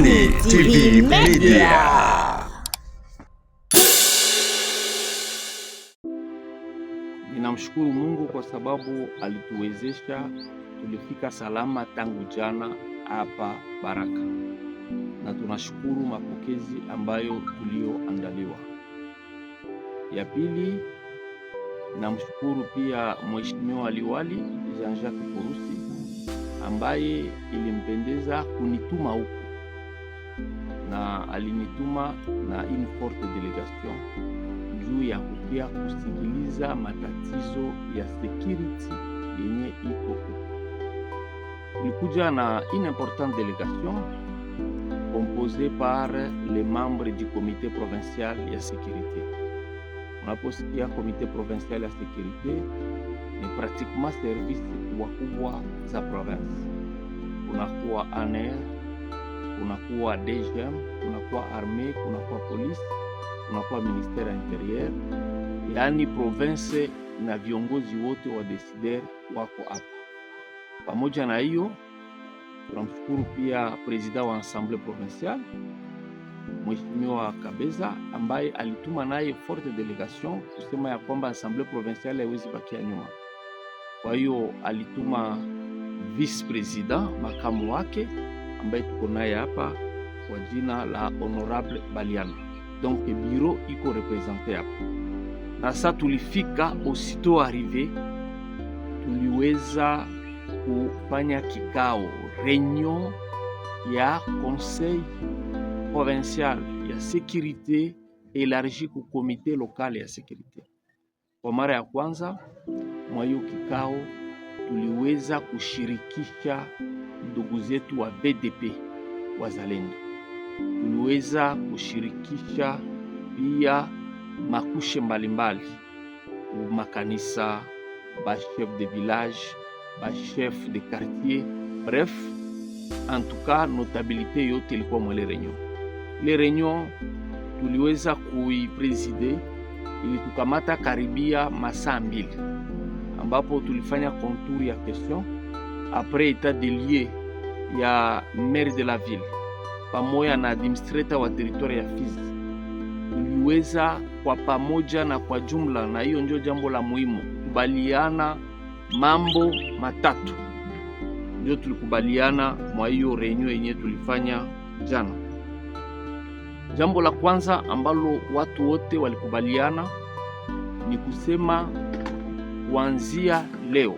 Mali TV Media. Ninamshukuru Mungu kwa sababu alituwezesha tulifika salama tangu jana hapa Baraka, na tunashukuru mapokezi ambayo tulioandaliwa. Ya pili, namshukuru pia Mheshimiwa Liwali Jean-Jacques Purusi ambaye ilimpendeza kunituma huko na alinituma na une forte delegation juu ya kupia kusikiliza matatizo ya security yenye iko ulikuja na une importante delegation composée par les membres du comité provincial ya sécurité. Unaposikia comité provincial ya sécurité ni pratiquement service de za province, unakuwa aner kunakuwa DGM, kunakuwa arme, kunakuwa polisi, kunakuwa ministere interieur, yaani province na viongozi wote wa desider wako hapa. Pamoja na hiyo, tunamshukuru pia president wa assemble provinciale Mheshimiwa Kabeza ambaye alituma naye forte delegation kusema ya kwamba assemble provinciale haiwezi bakia nyuma. Kwa hiyo alituma vice president makamu wake ambaye tuko naye hapa kwa jina la Honorable Baliana. Donc biro iko represente hapa. Sasa tulifika osito arrive, tuliweza kufanya kikao reunion ya conseil provincial ya sécurité elargi ku comité lokale ya sécurité. Kwa mara ya kwanza mwa hiyo kikao tuliweza kushirikisha ndugu zetu wa BDP wazalendo, tuliweza kushirikisha pia makushe mbalimbali makanisa, ba chef de village, ba chef de quartier, bref en tout cas notabilite yote ilikuwa mwele reunion. Ile reunion tuliweza kuipreside ilitukamata karibia masaa mbili ambapo tulifanya konturi ya question après etat de lieu ya maire de la ville pamoja na administrator wa teritoria ya Fizi uliweza kwa pamoja na kwa jumla, na hiyo ndio jambo la muhimu, kubaliana mambo matatu ndio tulikubaliana mwa hiyo reunion yenye tulifanya jana. Jambo la kwanza ambalo watu wote walikubaliana ni kusema kuanzia leo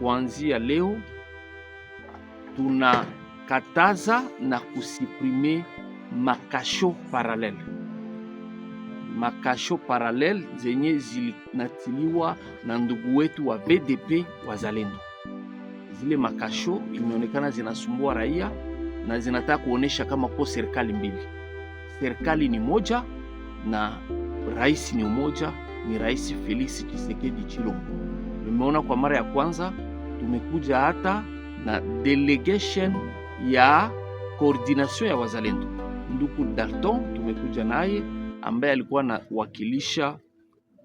kuanzia leo tunakataza na kusiprime makasho paralele, makasho paralele zenye zilinatiliwa na ndugu wetu wa BDP Zalendo. Zile makasho imeonekana zinasumbua raia na zinataka kuonesha kama po serikali mbili, serikali ni moja na rais ni umoja, ni Rais Felix Tshisekedi Chilombo. Nimeona kwa mara ya kwanza tumekuja hata na delegation ya coordination ya wazalendo. Ndugu Dalton tumekuja naye ambaye alikuwa anawakilisha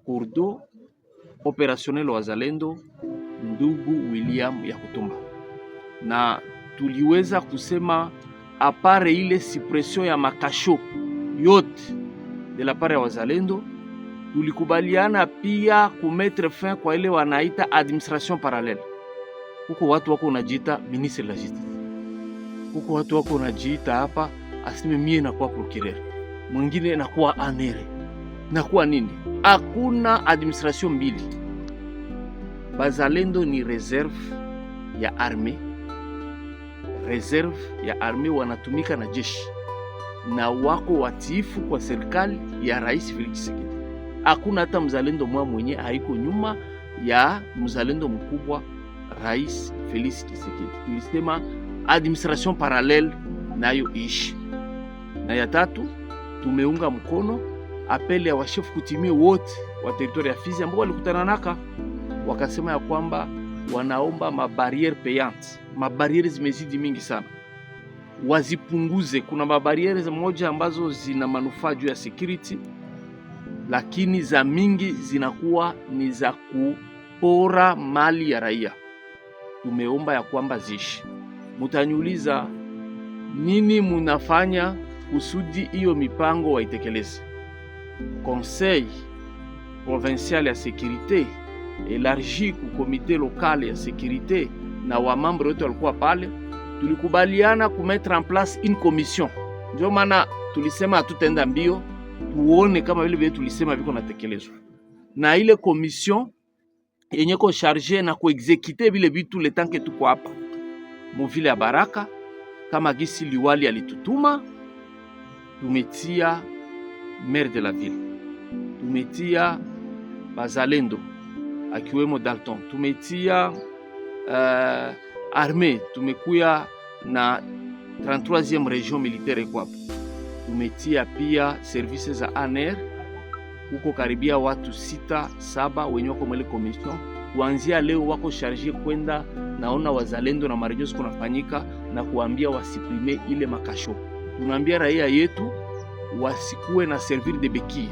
cordo opérationnel wazalendo, ndugu William ya kutumba na tuliweza kusema apare ile suppression ya makasho yote de la part ya wazalendo tulikubaliana pia kumetre fin kwa ile wanaita administration parallele huko watu wako unajiita ministre la justice, huko watu wako unajiita hapa, asime mie nakuwa procureur, mwingine nakuwa anere, nakuwa nini. Hakuna administration mbili. Bazalendo ni reserve ya arme, reserve ya arme wanatumika na jeshi na wako watiifu kwa serikali ya Rais Felix Tshisekedi. Hakuna hata mzalendo mwa mwenye haiko nyuma ya mzalendo mkubwa Rais Felix Tshisekedi. Tulisema administration parallele nayo ishi. Na ya tatu tumeunga mkono apeli ya washefu kutimie wote wa teritori ya Fizi ambao walikutana naka wakasema ya kwamba wanaomba mabariere payante. Mabariere zimezidi mingi sana, wazipunguze. Kuna mabariere moja ambazo zina manufaa juu ya security, lakini za mingi zinakuwa ni za kupora mali ya raia tumeomba ya kwamba zishi. Mutaniuliza nini munafanya kusudi hiyo mipango waitekeleze? Conseil provincial ya sekirite elargi ku komite lokale ya sekirite na wamambre wote walikuwa pale, tulikubaliana kumetre en place une commission. Ndio maana tulisema hatutaenda mbio, tuone kama vile vile tulisema viko natekelezwa na ile commission yenye ko charge na ko kuexekite vile vitu letanke tuko hapa muvile ya Baraka, kama gisi liwali alitutuma. Tumetia maire de la ville, tumetia bazalendo akiwemo Dalton, tumetia uh, arme, tumekuya na 33e region militaire Ekwapo, tumetia pia services za ANR kuko karibia watu sita saba wenye wako mwele komision kuanzia leo wako sharje kwenda naona wazalendo na marejesho kunafanyika na kuambia wasiprime ile makasho. Tunaambia raia yetu wasikuwe na servir de bekie,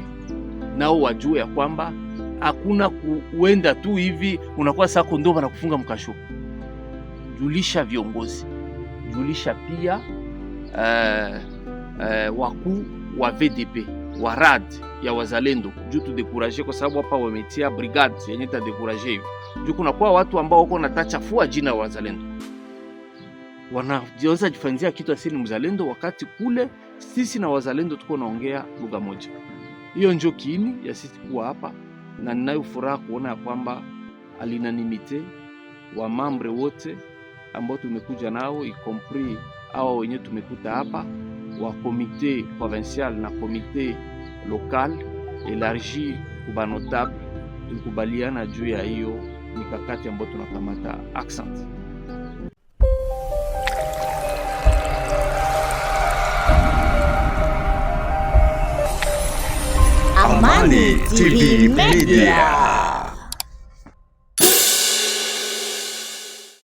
nao wajue ya kwamba hakuna kuenda tu hivi unakuwa sako ndoba na kufunga mkasho. Julisha viongozi, julisha pia uh, uh, wakuu wa VDP warad ya wazalendo juu tu dekuraje, kwa sababu hapa wametia brigade yenye dekuraje hivi juu kuna kunakuwa watu ambao wako natachafua jina ya wazalendo, wanaweza jifanzia kitu asini mzalendo, wakati kule sisi na wazalendo tuko naongea lugha moja. Hiyo njo kiini ya sisi kuwa hapa, na ninayo furaha kuona ya kwamba alinanimite wa mambre wote ambao tumekuja nao ikompri awa wenye tumekuta hapa wa komite provincial na komite local elargi kuba notable. Tulikubaliana juu ya hiyo mikakati ambayo tunakamata accent Amani TV Media.